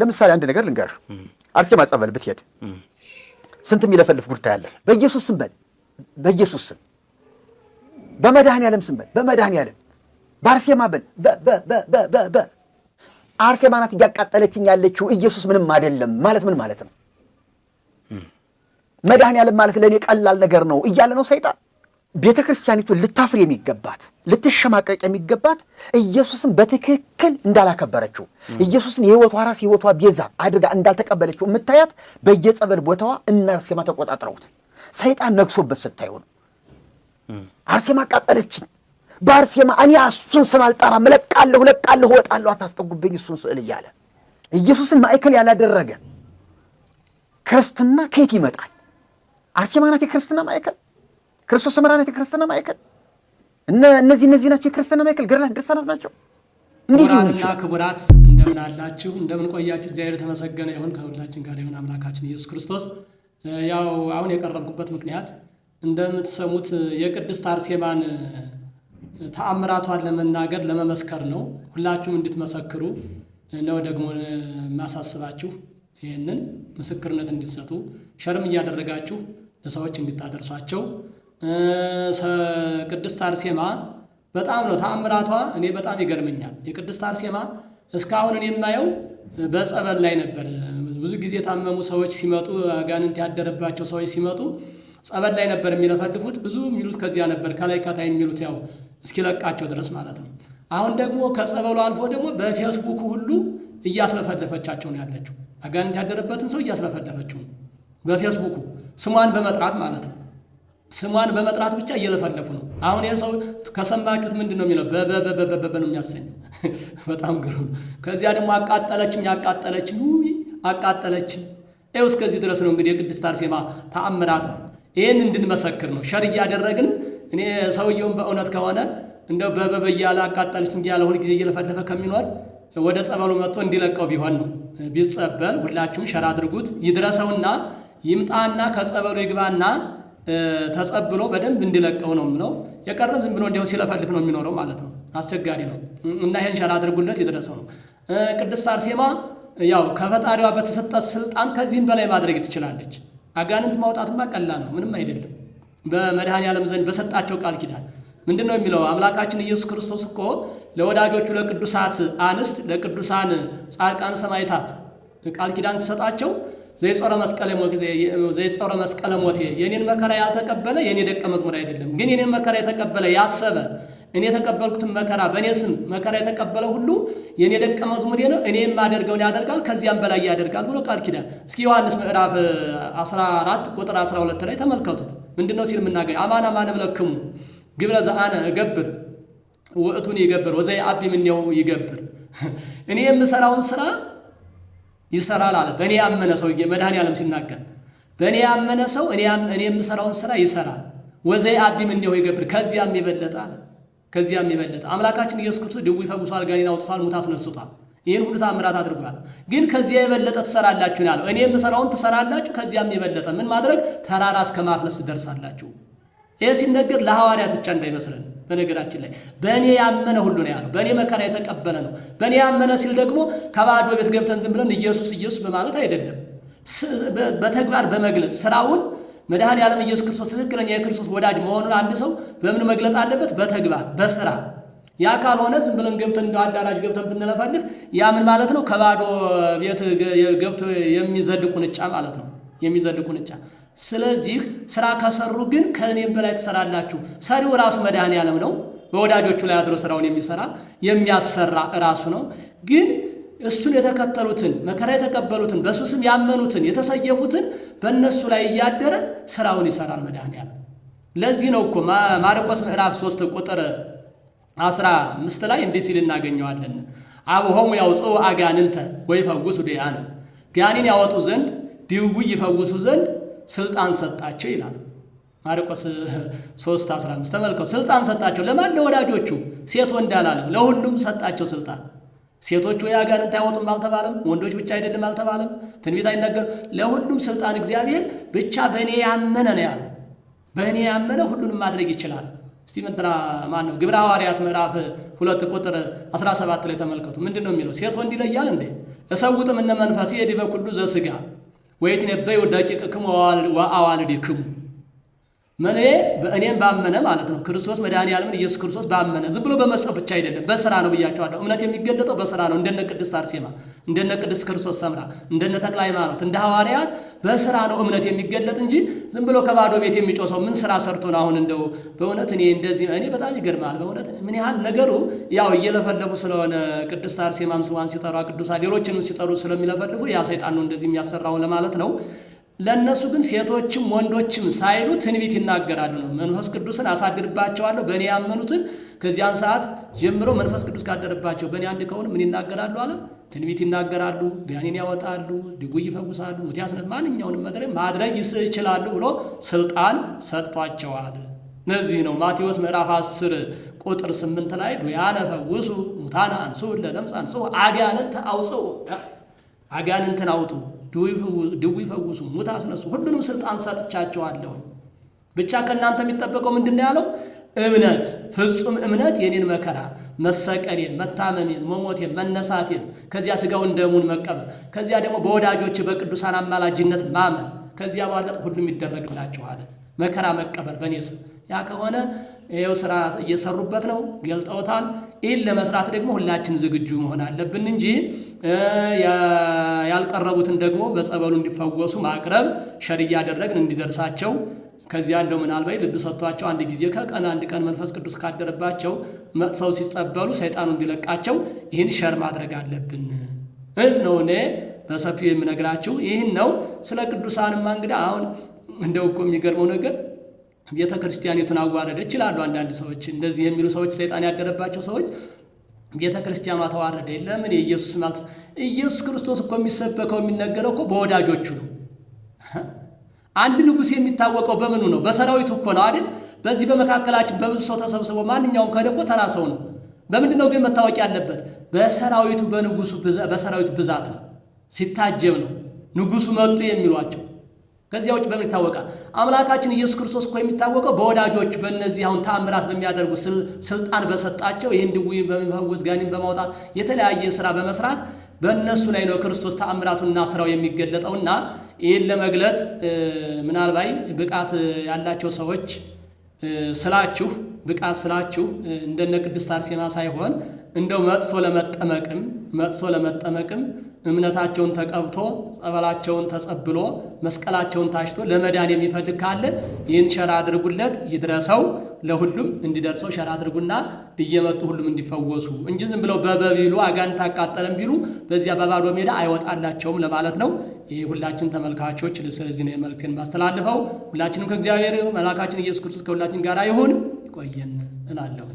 ለምሳሌ አንድ ነገር ልንገር። አርሴማ ጸበል ብትሄድ ስንት የሚለፈልፍ ጉድ ያለ በኢየሱስ ስም በል፣ በኢየሱስ ስም፣ በመድኃኔዓለም ስም በል፣ በመድኃኔዓለም በአርሴማ በል። በበበበበ አርሴማ ናት እያቃጠለችኝ ያለችው ኢየሱስ ምንም አይደለም ማለት ምን ማለት ነው? መድኃኔዓለም ማለት ለእኔ ቀላል ነገር ነው እያለ ነው ሰይጣን ቤተ ክርስቲያኒቱ ልታፍር የሚገባት ልትሸማቀቅ የሚገባት ኢየሱስን በትክክል እንዳላከበረችው ኢየሱስን የህይወቷ ራስ የህይወቷ ቤዛ አድርጋ እንዳልተቀበለችው የምታያት በየጸበል ቦታዋ እነ አርሴማ ተቆጣጥረውት ሰይጣን ነግሶበት ስታይሆኑ አርሴማ አቃጠለችኝ፣ በአርሴማ እኔ እሱን ስም አልጠራም፣ እለቃለሁ፣ እለቃለሁ፣ እወጣለሁ፣ አታስጠጉብኝ እሱን ስዕል እያለ ኢየሱስን ማዕከል ያላደረገ ክርስትና ከየት ይመጣል? አርሴማ ናት የክርስትና ማዕከል። ክርስቶስ መድኃኒት የክርስትና ማዕከል እነዚህ እነዚህ ናቸው። የክርስትና ማዕከል ገድላት፣ ድርሳናት ናቸው። እንዲህና ክቡራት እንደምን አላችሁ? እንደምን ቆያችሁ? እግዚአብሔር የተመሰገነ ይሁን፣ ከሁላችን ጋር ይሁን አምላካችን ኢየሱስ ክርስቶስ። ያው አሁን የቀረብኩበት ምክንያት እንደምትሰሙት የቅድስት አርሴማን ተአምራቷን ለመናገር ለመመስከር ነው። ሁላችሁም እንድትመሰክሩ ነው ደግሞ የማሳስባችሁ። ይህንን ምስክርነት እንዲሰጡ ሸርም እያደረጋችሁ ለሰዎች እንድታደርሷቸው ቅድስት አርሴማ በጣም ነው ተአምራቷ። እኔ በጣም ይገርመኛል። የቅድስት አርሴማ እስካሁን የማየው በጸበል ላይ ነበር። ብዙ ጊዜ የታመሙ ሰዎች ሲመጡ፣ አጋንንት ያደረባቸው ሰዎች ሲመጡ ጸበል ላይ ነበር የሚለፈልፉት። ብዙ የሚሉት ከዚያ ነበር ከላይ ከታይ የሚሉት ያው እስኪለቃቸው ድረስ ማለት ነው። አሁን ደግሞ ከጸበሉ አልፎ ደግሞ በፌስቡክ ሁሉ እያስለፈለፈቻቸው ነው ያለችው። አጋንንት ያደረበትን ሰው እያስለፈለፈችው በፌስቡኩ ስሟን በመጥራት ማለት ነው። ስሟን በመጥራት ብቻ እየለፈለፉ ነው። አሁን ይህ ሰው ከሰማችሁት ምንድን ነው የሚለው? በበበበበበ ነው የሚያሰኘው። በጣም ግሩ። ከዚያ ደግሞ አቃጠለችኝ፣ አቃጠለችኝ፣ ውይ አቃጠለችኝ። ይኸው እስከዚህ ድረስ ነው እንግዲህ የቅድስት አርሴማ ተአምራቷ። ይህን እንድንመሰክር ነው ሸር እያደረግን እኔ ሰውየውን በእውነት ከሆነ እንደው በበበ እያለ አቃጠለችኝ እያለ ሁል ጊዜ እየለፈለፈ ከሚኖር ወደ ጸበሉ መጥቶ እንዲለቀው ቢሆን ነው። ቢጸበል ሁላችሁም ሸር አድርጉት። ይድረሰውና ይምጣና ከጸበሉ ይግባና ተጸብሎ በደንብ እንዲለቀው ነው የምለው። የቀረ ዝም ብሎ እንዲያው ሲለፈልፍ ነው የሚኖረው ማለት ነው። አስቸጋሪ ነው እና ይህን ሸራ አድርጉለት የደረሰው ነው። ቅድስት አርሴማ ያው ከፈጣሪዋ በተሰጣት ስልጣን ከዚህም በላይ ማድረግ ትችላለች። አጋንንት ማውጣትማ ቀላል ነው፣ ምንም አይደለም። በመድኃኔ ዓለም ዘንድ በሰጣቸው ቃል ኪዳን ምንድን ነው የሚለው? አምላካችን ኢየሱስ ክርስቶስ እኮ ለወዳጆቹ ለቅዱሳት አንስት ለቅዱሳን ጻድቃን ሰማዕታት ቃል ኪዳን ሲሰጣቸው ዘይጾረ መስቀለ ዘይጾረ መስቀለ ሞቴ የኔን መከራ ያልተቀበለ የኔ ደቀ መዝሙር አይደለም። ግን የኔን መከራ የተቀበለ ያሰበ እኔ የተቀበልኩትን መከራ በእኔ ስም መከራ የተቀበለ ሁሉ የኔ ደቀ መዝሙር ነው፣ እኔ የማደርገውን ያደርጋል፣ ከዚያም በላይ ያደርጋል ብሎ ቃል ኪዳን። እስኪ ዮሐንስ ምዕራፍ 14 ቁጥር 12 ላይ ተመልከቱት። ምንድን ነው ሲል የምናገኝ አማን አማን እብለክሙ ግብረ ዘአነ እገብር ውእቱን ይገብር ወዘይ አቢ ነው ይገብር እኔ የምሰራውን ስራ ይሰራል አለ። በእኔ ያመነ ሰው መድኃኔ ዓለም ሲናገር በእኔ ያመነ ሰው እኔ የምሰራውን ስራ ይሰራል። ወዘይ አቢም እንዲሁ ይገብር ከዚያም የበለጠ አለ። ከዚያም የበለጠ አምላካችን ኢየሱስ ክርስቶስ ድውይ ፈውሷል፣ ጋኔን አውጥቷል፣ ሙት አስነስቷል። ይህን ሁሉ ታምራት አድርጓል። ግን ከዚያ የበለጠ ትሰራላችሁ ያለው እኔ የምሰራውን ትሰራላችሁ፣ ከዚያም የበለጠ ምን ማድረግ ተራራ እስከ ማፍለስ ትደርሳላችሁ። ይህ ሲነገር ለሐዋርያት ብቻ እንዳይመስለን በነገራችን ላይ በእኔ ያመነ ሁሉ ነው ያለው። በእኔ መከራ የተቀበለ ነው። በእኔ ያመነ ሲል ደግሞ ከባዶ ቤት ገብተን ዝም ብለን ኢየሱስ ኢየሱስ በማለት አይደለም። በተግባር በመግለጽ ስራውን መድኃኔ ዓለም ኢየሱስ ክርስቶስ ትክክለኛ የክርስቶስ ወዳጅ መሆኑን አንድ ሰው በምን መግለጥ አለበት? በተግባር በስራ። ያ ካልሆነ ዝም ብለን ገብተን እንደ አዳራሽ ገብተን ብንለፈልፍ ያ ምን ማለት ነው? ከባዶ ቤት ገብቶ የሚዘልቁን ጫ ማለት ነው። የሚዘልቁን ጫ ስለዚህ ስራ ከሰሩ ግን ከእኔም በላይ ትሰራላችሁ። ሰሪው ራሱ መድኃኔ ዓለም ነው። በወዳጆቹ ላይ አድሮ ስራውን የሚሰራ የሚያሰራ ራሱ ነው። ግን እሱን የተከተሉትን መከራ የተቀበሉትን በእሱ ስም ያመኑትን የተሰየፉትን በእነሱ ላይ እያደረ ስራውን ይሰራል መድኃኔ ለዚህ ነው እኮ ማርቆስ ምዕራፍ ሶስት ቁጥር 15 ላይ እንዲህ ሲል እናገኘዋለን። አብሆሙ ያውፅኡ አጋንንተ ወይፈውሱ ድውያነ ጋኔን ያወጡ ዘንድ ድውይ ይፈውሱ ዘንድ ስልጣን ሰጣቸው ይላል ማርቆስ 3 15 ተመልከው። ስልጣን ሰጣቸው ለማን? ለወዳጆቹ ሴት ወንድ አላለም፣ ለሁሉም ሰጣቸው ስልጣን። ሴቶቹ አጋንንት አይወጡም አልተባለም፣ ወንዶች ብቻ አይደለም አልተባለም፣ ትንቢት አይነገር፣ ለሁሉም ስልጣን እግዚአብሔር ብቻ በእኔ ያመነ ነው ያለው። በእኔ ያመነ ሁሉንም ማድረግ ይችላል። እስቲ ምንትና ማን ነው ግብረ ሐዋርያት ምዕራፍ ሁለት ቁጥር 17 ላይ ተመልከቱ። ምንድን ነው የሚለው? ሴት ወንድ ይለያል እንዴ? እሰውጥም እነ መንፈሴ ዲበ ኩሉ ዘስጋ ወየትነበዩ ደቂቅክሙ ወአዋልድክሙ መኔ በእኔም ባመነ ማለት ነው። ክርስቶስ መድኃኔ ዓለምን ኢየሱስ ክርስቶስ ባመነ ዝም ብሎ በመስጠት ብቻ አይደለም፣ በስራ ነው ብያቸዋለሁ። እምነት የሚገለጠው በስራ ነው። እንደነ ቅድስት አርሴማ፣ እንደነ ቅድስት ክርስቶስ ሰምራ፣ እንደነ ተክለ ሃይማኖት፣ እንደ ሐዋርያት በስራ ነው እምነት የሚገለጥ እንጂ ዝም ብሎ ከባዶ ቤት የሚጮሰው ምን ስራ ሰርቶ ነው? አሁን እንደው በእውነት እኔ እንደዚህ እኔ በጣም ይገርማል። በእውነት ምን ያህል ነገሩ ያው እየለፈለፉ ስለሆነ ቅድስት አርሴማም ስሟን ሲጠሯ ቅዱሳን ሌሎችንም ሲጠሩ ስለሚለፈልፉ ያ ሰይጣን ነው እንደዚህ የሚያሰራው ለማለት ነው። ለእነሱ ግን ሴቶችም ወንዶችም ሳይሉ ትንቢት ይናገራሉ ነው። መንፈስ ቅዱስን አሳድርባቸዋለሁ በእኔ ያመኑትን ከዚያን ሰዓት ጀምሮ መንፈስ ቅዱስ ካደረባቸው በእኔ አንድ ከሆኑ ምን ይናገራሉ አለ? ትንቢት ይናገራሉ፣ ጋኔን ያወጣሉ፣ ድውይ ይፈውሳሉ፣ ሙት ያስነ ማንኛውንም መድረ ማድረግ ይችላሉ ብሎ ስልጣን ሰጥቷቸዋል። እነዚህ ነው ማቴዎስ ምዕራፍ 10 ቁጥር 8 ላይ ዱያነ ፈውሱ ሙታና አንሱ ለለምጽ አንሱ አጋንንት አውፅኡ አጋንንትን አውጡ ድዊ ፈውሱ፣ ሙት አስነሱ፣ ሁሉንም ስልጣን ሰጥቻቸዋለሁ። ብቻ ከእናንተ የሚጠበቀው ምንድን ነው ያለው? እምነት፣ ፍጹም እምነት የኔን መከራ መሰቀሌን፣ መታመሜን፣ መሞቴን፣ መነሳቴን፣ ከዚያ ስጋውን ደሙን መቀበል፣ ከዚያ ደግሞ በወዳጆች በቅዱሳን አማላጅነት ማመን፣ ከዚያ በኋላ ሁሉም ይደረግላችኋል። መከራ መቀበል በእኔ ስም። ያ ከሆነ ይኸው ስራ እየሰሩበት ነው፣ ገልጠውታል። ይህን ለመስራት ደግሞ ሁላችን ዝግጁ መሆን አለብን እንጂ ያልቀረቡትን ደግሞ በጸበሉ እንዲፈወሱ ማቅረብ ሸር እያደረግን እንዲደርሳቸው ከዚያ እንደው ምናልባት ልብ ሰጥቷቸው አንድ ጊዜ ከቀን አንድ ቀን መንፈስ ቅዱስ ካደረባቸው መጥተው ሲጸበሉ ሰይጣኑ እንዲለቃቸው ይህን ሸር ማድረግ አለብን። እዝ ነው እኔ በሰፊው የምነግራችሁ ይህን ነው። ስለ ቅዱሳንማ እንግዲህ አሁን እንደው እኮ የሚገርመው ነገር ቤተ ክርስቲያኒቱን አዋረደ ይችላሉ። አንዳንድ ሰዎች እንደዚህ የሚሉ ሰዎች፣ ሰይጣን ያደረባቸው ሰዎች ቤተ ክርስቲያኗ ተዋረደ። ለምን? የኢየሱስ ማለት ኢየሱስ ክርስቶስ እኮ የሚሰበከው የሚነገረው እኮ በወዳጆቹ ነው። አንድ ንጉሥ የሚታወቀው በምኑ ነው? በሰራዊቱ እኮ ነው አይደል? በዚህ በመካከላችን በብዙ ሰው ተሰብስቦ ማንኛውም ከሄደ እኮ ተራ ሰው ነው። በምንድን ነው ግን መታወቂያ ያለበት? በሰራዊቱ በንጉሱ በሰራዊቱ ብዛት ነው። ሲታጀብ ነው ንጉሱ መጡ የሚሏቸው ከዚያ ውጭ በምን ይታወቃል? አምላካችን ኢየሱስ ክርስቶስ እኮ የሚታወቀው በወዳጆች በእነዚህ አሁን ታምራት በሚያደርጉ ስልጣን በሰጣቸው ይህን ድውይ በመፈወስ ጋኔን በማውጣት የተለያየ ስራ በመስራት በእነሱ ላይ ነው ክርስቶስ ተአምራቱና ስራው የሚገለጠውና ይህን ለመግለጥ ምናልባት ብቃት ያላቸው ሰዎች ስላችሁ ብቃት ስላችሁ እንደነ ቅድስት አርሴማ ሳይሆን እንደው መጥቶ ለመጠመቅም መጥቶ ለመጠመቅም እምነታቸውን ተቀብቶ ጸበላቸውን ተጸብሎ መስቀላቸውን ታሽቶ ለመዳን የሚፈልግ ካለ ይህን ሸራ አድርጉለት፣ ይድረሰው። ለሁሉም እንዲደርሰው ሸራ አድርጉና እየመጡ ሁሉም እንዲፈወሱ እንጂ ዝም ብለው በበቢሉ አጋንንት አቃጠለም ቢሉ በዚያ በባዶ ሜዳ አይወጣላቸውም ለማለት ነው። ይህ ሁላችን ተመልካቾች፣ ስለዚህ ነው መልእክቴን ማስተላልፈው። ሁላችንም ከእግዚአብሔር መልአካችን ኢየሱስ ክርስቶስ ከሁላችን ጋር ይሁን። ይቆየን እላለሁ።